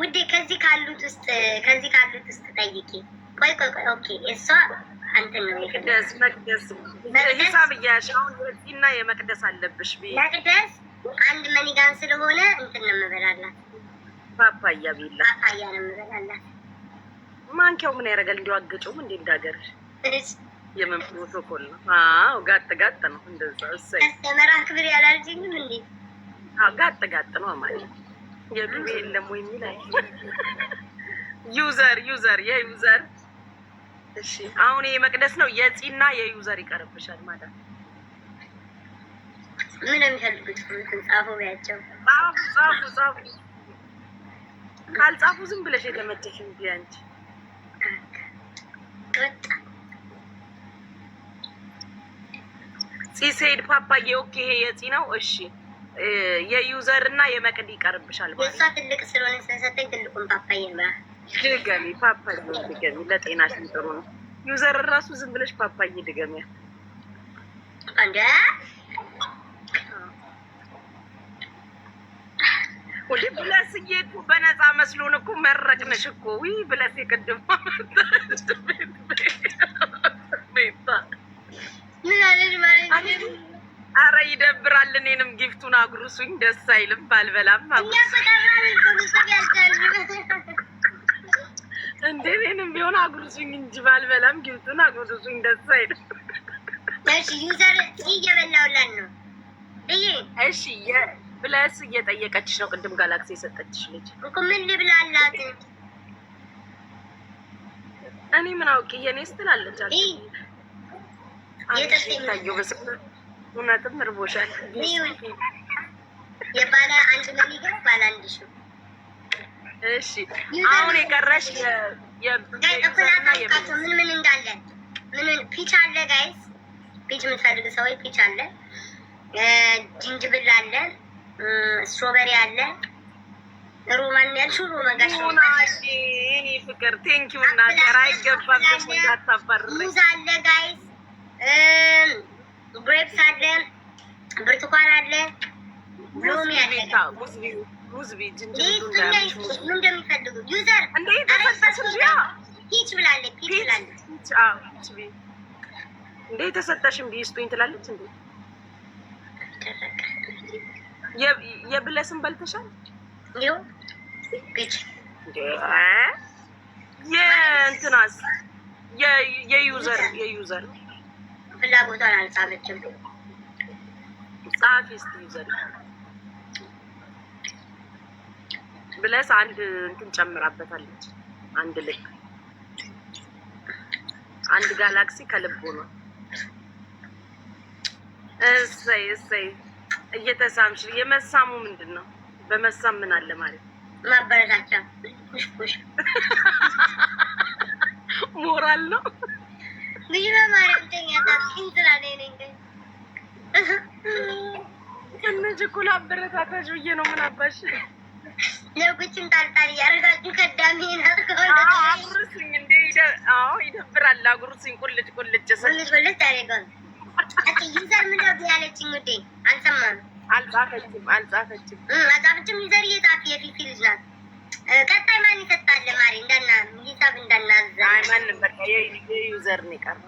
ውዴ ከዚህ ካሉት ውስጥ ከዚህ ካሉት ውስጥ ጠይቂ። ቆይ ቆይ ቆይ ኦኬ፣ እሷ አንተን ነው መቅደስ መቅደስ ሂሳብ ብያሽ አሁን የዚህና የመቅደስ አለብሽ ቤ መቅደስ አንድ መኒጋን ስለሆነ እንትን ነው የምበላላት ፓፓያ ቢላ ፓፓያ ነው የምበላላት። ማንኪያው ምን ያደርጋል? እንዲሁ አገጨውም እንዴ እንዳገር የምን ፕሮቶኮል ነው? አዎ ጋጥ ጋጥ ነው እንደዛ። እሰይ መራ ክብር ያላልጅኝም እንዴ ጋጥ ጋጥ ነው ማለት ነው። የዱቤ የለም ወይ ዩዘር ዩዘር የዩዘር እሺ፣ አሁን ይሄ መቅደስ ነው። የፂና የዩዘር ይቀርብሻል ማለት ምን የሚፈልጉት ጻፉ ጻፉ ጻፉ ካልጻፉ ዝም ብለሽ የተመቸሽን እንጂ ፂ ሴድ ፓፓዬ ኦኬ፣ ይሄ የፂ ነው። እሺ የዩዘር እና የመቅድ ይቀርብሻል። እሷ ትልቅ ስለሆነ ስለሰጠኝ ትልቁን ፓፓዬ ድገሚ፣ ፓፓዬ ድገሚ። ለጤናችን ጥሩ ነው። ዩዘር እራሱ ዝም ብለሽ ፓፓዬ ድገሚ። እንደ ብለስዬ እኮ በነፃ መስሎን እኮ መረቅንሽ እኮ ብለስ የቅድም ቢፍቱን አጉርሱኝ፣ ደስ አይልም። ባልበላም እንደ እኔንም ቢሆን አጉርሱኝ እንጂ ባልበላም ጊፍቱን አጉርሱኝ፣ ደስ አይልም። እሺ ብለስ እየጠየቀችሽ ነው። ቅድም ጋላክሲ የሰጠችሽ ልጅ ምን ልብላላት? እኔ ምን አውቄ የኔ ስትላለች አለ እውነትም እርቦሻል። የባለ አንድ ነው የሚገርም ባለ አንድ ሺ እሺ አሁን የቀረሽ ምን ምን እንዳለ ምን ፒች አለ ጋይስ፣ ፒች የምትፈልግ ሰዎች ፒች አለ፣ ጅንጅብል አለ፣ ስትሮበሪ አለ፣ ሮማን ያልሹ ሮማጋሽ እኔ ፍቅር ቴንኪው እና ተራ ይገባል። ሙዝ አለ ጋይስ ግሬፕስ አለ፣ ብርቱካን አለ፣ ሎሚ አለ። እንደሚፈልጉ ዩዘር የብለስን በልተሻል? የእንትናስ የዩዘር የዩዘር ፍላጎቷን አልጻፈችም። ጻፊ እስኪ ይዘን ብለስ አንድ እንትን ጨምራበታለች። አንድ ልክ አንድ ጋላክሲ ከልብ ነው። እሰይ እሰይ፣ እየተሳምሽ የመሳሙ ምንድን ነው? በመሳም ምን አለ ማለት ማበረታቻ ሞራል ነው። እነዚህ እኮ ለአበረታታሽ ብዬ ነው። ምን አባሽ ለጉችን ጣልጣል እያደረጋችሁ ከዳሜ አጉርሱኝ እንደ ይደብራል። አጉርሱኝ ቁልጭ ቁልጭ ስልጭ ቁልጭ አደረገው። ዩዘር ምንድን ያለችኝ? ውዴ አልሰማም። አልጻፈችም አልጻፈችም አልጻፈችም። ዩዘር እየጻፍ የፊት ልጅ ናት ቀጣይ ማን ይሰጣል? ማሪ እንዳና ሂሳብ እንዳናዝ ማንም በቃ የዩዘር ነው የቀረው።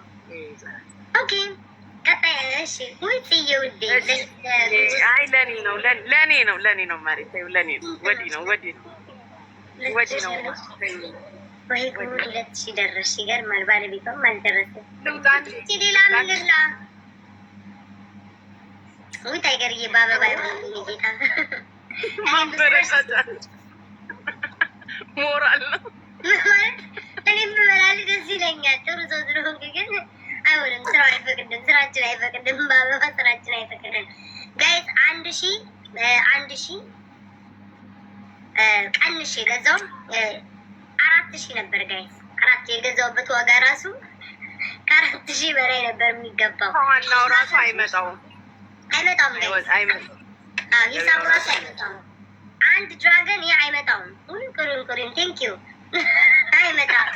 ኦኬ ለኔ ነው ለኔ ነው ለኔ ተይው፣ ለኔ ነው ወዲህ ነው ወዲህ ነው ወዲህ ነው ወይ ሁለት ሺህ ደረስሽ። ይገርማል። ባለቤቷም አልደረሰም። ሌላ ምን ልብላ? ውይ ታይገርዬ በአበባ ሆነ ጌታ ሞራል ነው ማለት ደስ ይለኛል። ጥሩ ሰው ስለሆንክ ግን አይሆንም። አይፈቅድም፣ ስራችን አይፈቅድም። ባበባ ስራችን አይፈቅድም። ጋይዝ አንድ ሺ አንድ ሺ ቀንሽ አራት ሺ ነበር ጋይዝ አራት የገዛውበት ዋጋ ራሱ ከአራት ሺ በላይ ነበር የሚገባው። ዋናው ራሱ አይመጣውም አንድ ድራገን ይህ አይመጣውም። ቅሪም ቅሪም ቴንክ ዩ አይመጣም።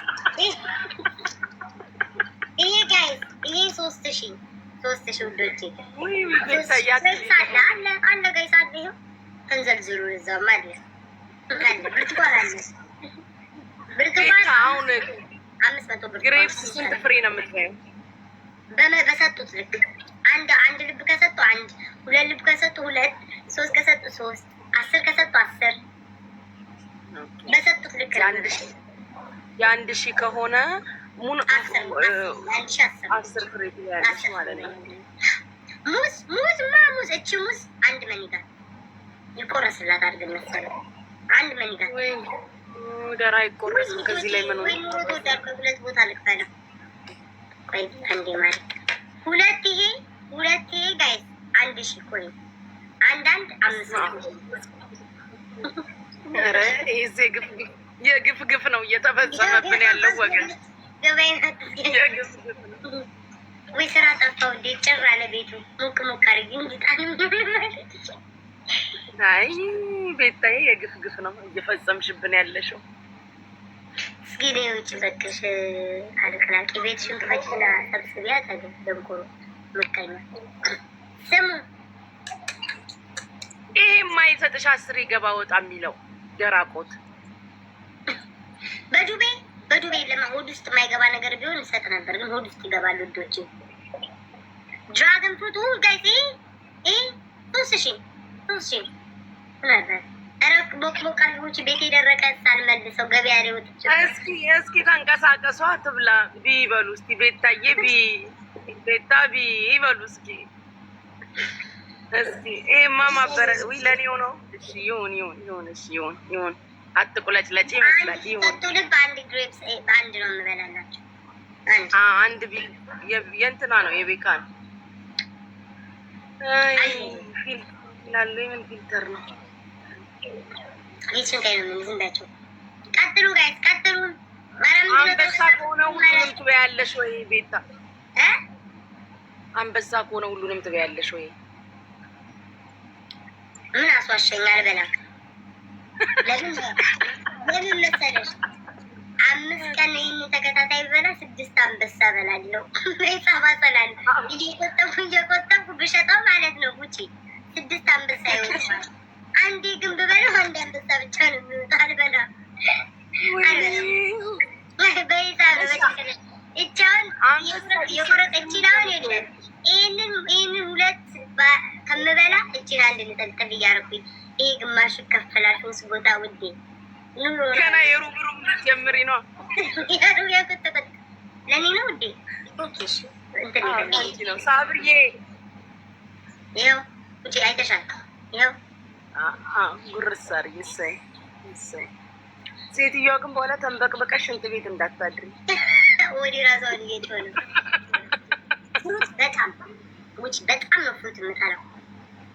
ይሄ ጋይዝ ይሄ ሶስት ሺ ሶስት ሺ ውዶቼ አለ አለ ጋይዝ አለ። ይኸው ተንዘልዝሉ እዛም አለ ብርቱካን አለ ብርቱካን አምስት መቶ ብርቱካን ስንት ፍሬ ነው የምትበይው? በሰጡት ልክ አንድ አንድ ልብ ከሰጡ አንድ ሁለት ልብ ከሰጡ ሁለት ሶስት ከሰጡ ሶስት አስር ከሰጡ አስር በሰጡት ልክ የአንድ ሺህ ከሆነ ሙን አስር ፍሬ ያለች ማለት ነው። ሙዝ ሙዝ ማ ሙዝ እቺ ሙዝ አንድ መኒጋ ይቆረስላት አድርገን መሰለህ አንድ መኒጋ ደራ ይቆረስ ከዚህ ላይ ምን ሁለት ቦታ ልክፈለው ሁለት ይሄ ሁለት ይሄ ጋይስ አንድ ሺህ ኮይን አንዳንድ አምስት የግፍ ግፍ ነው እየተፈጸመብን ያለው ወገን ወይ ስራ ጠፋው እንዴ? ጭር አለ ቤቱ አድርጊ አይ ቤታዬ የግፍ ግፍ ነው እየፈጸምሽብን ያለሽው። እስኪ እኔ ውጭ በቅሽ አልቅላቂ ቤትሽን ክፈችና ሰብስቢያ ጠገ ደንቆሮ ምቀኛ ስሙ ይሄ የማይሰጥሽ አስር ይገባ ወጣ የሚለው ደራቆት በዱቤ በዱቤ ለማ ሆድ ውስጥ የማይገባ ነገር ቢሆን ይሰጥ ነበር፣ ግን ሆድ ውስጥ ይገባል። ውዶች ድራገን ፍሩቱ ጋይስ ይሄ ሶስት ሺ ነበር። ኧረ ቦቅቦቅ አልቦች ቤት የደረቀ ሳልመልሰው ገበያ ሊወጥች። እስኪ እስኪ ተንቀሳቀሷ ትብላ ቢ ይበሉ እስኪ ቤታዬ ቢ ቤታ ቢ ይበሉ እስኪ እስኪ ይሄማ ማበረ ውይ ለኔው ነው። እሺ ይሁን ይሁን ይሁን፣ እሺ ይሁን ይሁን። አትቁለጭለጭ ይመስላል። ይሁን ግሬፕስ ነው የምበላላቸው። አንድ የእንትና ነው የቤካ ነው። ምን ፊልተር ነው? ይችን ነው ዝም ቀጥሉ ጋይስ ቀጥሉ። አንበሳ ከሆነ ሁሉንም ትበያለሽ ወይ ቤታ? አንበሳ ከሆነ ሁሉንም ትበያለሽ ወይ? ምን አስዋሸኛል በላ። ለምን መሰለሽ አምስት ቀን ይህን ተከታታይ በላ ስድስት አንበሳ በላለው ሜሳባ ሰላል እንግዲህ ብሸጠው ማለት ነው ጉቺ ስድስት አንበሳ ይወጣል። አንዴ ግን ብበለው አንድ አንበሳ ብቻ ነው የሚወጣ። አልበላ በይዛ ነው በጭቅለሽ እቻውን የቁረጠችላውን የለም ይህንን ይህንን ሁለት ከምበላ እጅን አንድ ንጠልጥል እያደረኩኝ ይህ ግማሽ ይከፈላል። ሶስት ቦታ ውዴ ገና የሩብ ሩብ ነው ለእኔ ነው ውዴ ሳብርዬ ይኸው ውጭ አይተሻል። ይኸው ጉርሳር ይሰይ ይሰይ ሴትዮዋ ግን በኋላ ተንበቅበቀ ሽንት ቤት እንዳታድሪ ወደ ሆነ። ፍሩት በጣም ውጭ በጣም ነው ፍሩት የምጠላው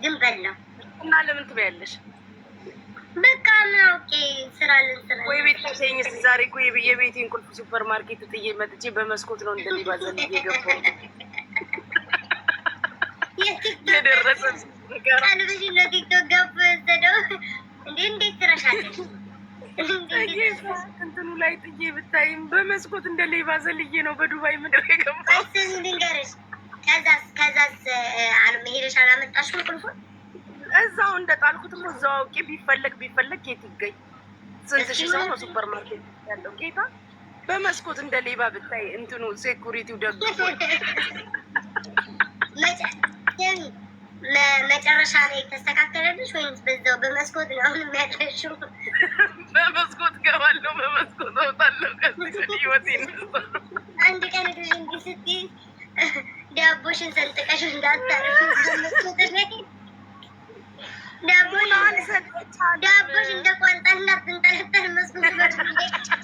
ግን በላው እና ለምን ትበያለሽ? በቃ ምን አውቄ ስራ ልስራ ወይ ቤት ተሰኝስ ዛሬ እኮ የቤቴን ቁልፍ ሱፐር ማርኬት ጥዬ መጥቼ በመስኮት ነው እንደሚባዘል እየገባሁ የደረሰ ልጅ ለቲክቶክ ገብ ወሰደው እንዴ እንዴት ትረሻለሽ? እንትኑ ላይ ጥዬ ብታይም በመስኮት እንደ ሌባ ዘልዬ ነው በዱባይ ምድር የገባሁ። ከዛስ ከዛስ መሄደሽ አላመጣሽም ቁልፉን እዛው እንደጣልኩት እዛው አውቄ ቢፈለግ ቢፈለግ የት ይገኝ? ስንት ሺህ ሰው ነው ሱፐር ማርኬት ያለው ጌታ በመስኮት እንደ ሌባ ብታይ እንትኑ ሴኩሪቲው ደግሞ መጨረሻ ላይ የተስተካከለልሽ ወይም በዛው በመስኮት ነው አሁን የሚያደርሽው? በመስኮት ገባለሁ፣ በመስኮት ወጣለሁ። ከዚህ ህይወት አንድ ቀን ጊዜ እንዲህ ስትይ ዳቦሽን ሰንጥቀሽ እንዳታረፍ ዳቦሽ እንደ ቋንጣ እንዳትንጠለጠል መስሎት አስባችሁ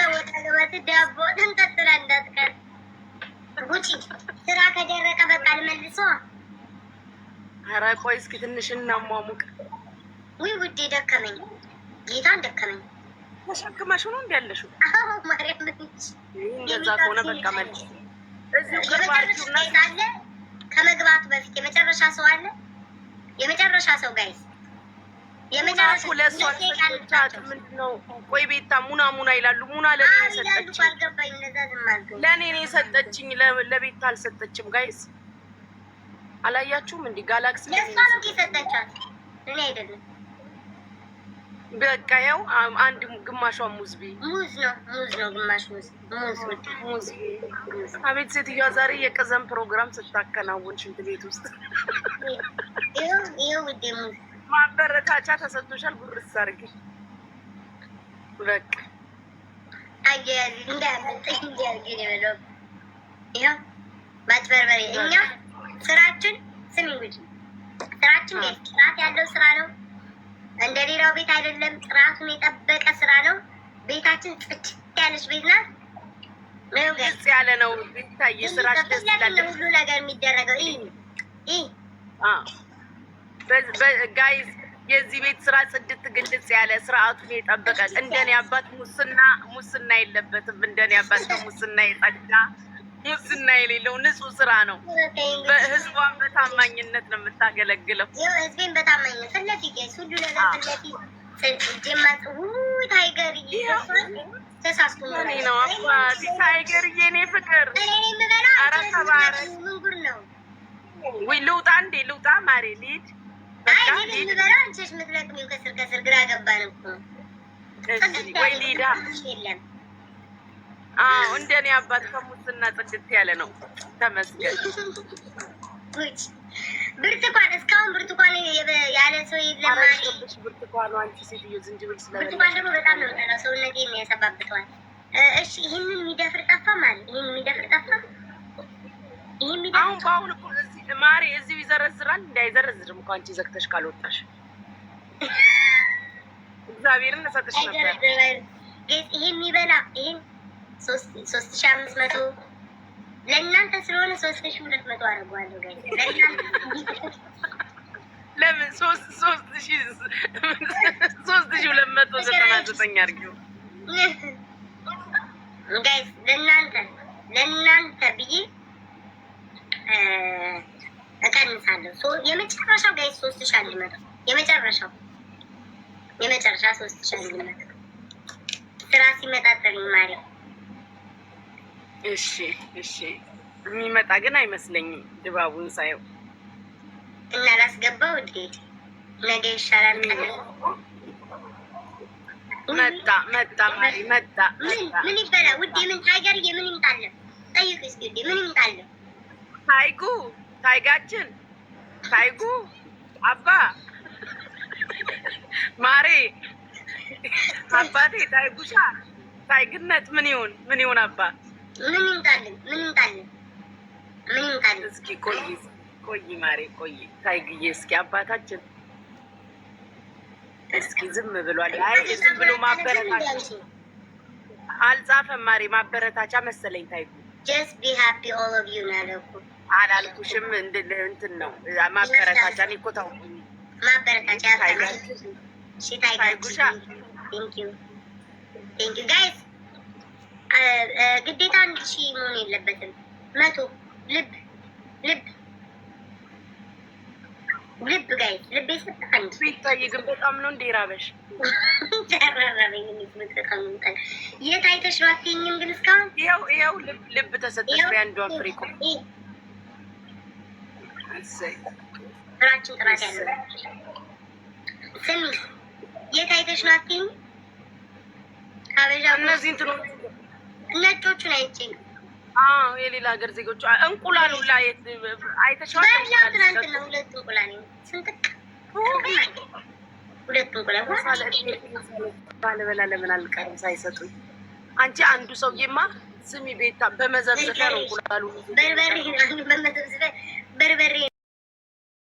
ተወጣለበት ዳቦ ተንጠልጥላ እንዳትቀር። ጉቺ ስራ ከደረቀ በቃ ልመልሶ። ኧረ ቆይ እስኪ ትንሽ እናሟሙቅ። ውይ ውዴ ደከመኝ፣ ጌታን ደከመኝ። ተሸክመሽ ነው እንዲያለሹ እንደዛ ከሆነ በቃ መልስ ከመግባቱ በፊት የመጨረሻ ሰው አለ። የመጨረሻ ሰው ጋይስ ቆይ ቤታ ሙና ሙና ይላሉ። ሙና ለእኔ ነው የሰጠችኝ፣ ለቤታ አልሰጠችም። ጋይስ አላያችሁም? እንዲህ ጋላክሲ ለእሷ ነው የሰጠቻት እኔ አይደለም በቃ ያው አንድ ግማሿ ሙዝ ቤ ሙዝ ነው ሙዝ ነው ግማሽ ሙዝ ሙዝ ሙዝ። አቤት ሴትዮዋ ዛሬ የቀዘን ፕሮግራም ስታከናውን ሽንት ቤት ውስጥ ማበረታቻ ተሰጥቶሻል። ጉርስ አድርጊ በቃ ማጭበርበሬ እኛ ስራችን ስሚ፣ ስራችን ጥራት ያለው ስራ ነው። እንደ ሌላው ቤት አይደለም። ጥራቱን የጠበቀ ስራ ነው። ቤታችን ጽድት ያለች ቤት ናት። ግልጽ ያለ ነው። ቢታይ ስራሽ ሁሉ ነገር የሚደረገው ጋይዝ የዚህ ቤት ስራ ጽድት ግልጽ ያለ ስርዓቱን የጠበቀ እንደኔ አባት ሙስና ሙስና የለበትም። እንደኔ አባት ሙስና የጸዳ ሙስና የሌለው ንጹህ ስራ ነው። በህዝቧን በታማኝነት ነው የምታገለግለው። ህዝቤን በታማኝነት ፊት ለፊት ሁሉ ነገር ፊት ለፊት ልውጣ እንዴ? ልውጣ ማሬ ልሂድ። ከስር ከስር ግራ ገባን እኮ ወይ ሊዳ እንደኔ አባት ከሙስና ጽድት ያለ ነው። ተመስገን። ብርቱካን እስካሁን ብርቱካን ያለ ሰው የለማሽ። ብርቱካን አንቺ ደግሞ በጣም ነው ሰውነት እሺ የሚደፍር ይህን የሚደፍር ማሪ እዚሁ ይዘረዝራል። እንዳይዘረዝርም እኮ አንቺ ዘግተሽ ካልወጣሽ እግዚአብሔርን እሰጥሽ ነበር። ይሄ የሚበላ ይሄን ሶስት ሺ አምስት መቶ ለእናንተ ስለሆነ ሶስት ሺ ሁለት መቶ አድርጓለሁ። ለምን ሶስት ሶስት ሺ ሶስት ሺ ሁለት መቶ ዘጠና ዘጠኝ አድርጊው ጋይስ፣ ለእናንተ ለእናንተ ብዬ እቀንሳለሁ። የመጨረሻው ጋይስ ሶስት ሺ አንድ መቶ የመጨረሻው የመጨረሻ ሶስት ሺ አንድ መቶ ስራ ሲመጣጠን ማሪያም እሺ እሺ። የሚመጣ ግን አይመስለኝም ድባቡን ሳየው እና ላስገባው ነገ ይሻላል። መጣ መጣ መጣ። ምን ይበላ ውዴ? ምን ታይገር የምን ጠይቅ እስኪ ውዴ፣ ምን ታይጉ ታይጋችን፣ ታይጉ አባ ማሬ አባቴ፣ ታይጉሻ፣ ታይግነት ምን ይሁን ምን ይሁን አባ ምን ይምጣልን? ምን ይምጣልን? ምን ይምጣልን? እስኪ ቆይ ቆይ ማሬ ቆይ ታይግዬ እስኪ አባታችን እስኪ ዝም ብሏል። አይ ዝም ብሎ ማበረታቻ አልጻፈም ማሬ ማበረታቻ መሰለኝ ታይጉ ጀስት ቢ ሃፒ ኦል ኦፍ ዩ ናለኩ አላልኩሽም እንትን ነው ማበረታቻ ነው እኮ ታው ማበረታቻ ታይጉሻ ቴንክ ዩ ቴንክ ዩ ጋይስ ግዴታ አንድ ሺህ መሆን የለበትም። መቶ ልብ ልብ ልብ ጋይ ልብ የሰጠ በጣም ነው እንዴ ራበሽ ራበኝ። በጣም የት አይተሽ ባትይኝም ግን እስካሁን ይኸው ይኸው ልብ ተሰጠሽ። በአንዷ ፍሪኮ ራችን ጥራት ያለ ስሚ፣ የት አይተሽ ነው አትይኝም። እነዚህ እንትኖች ነጮቹን አይቼ የሌላ ሀገር ዜጎች እንቁላሉ ላይ ባለበላ ለምን አልቀርም ሳይሰጡኝ። አንቺ አንዱ ሰውዬማ ስሚ ቤታ በመዘብዘፊያ ነው እንቁላሉ በርበሬ በርበሬ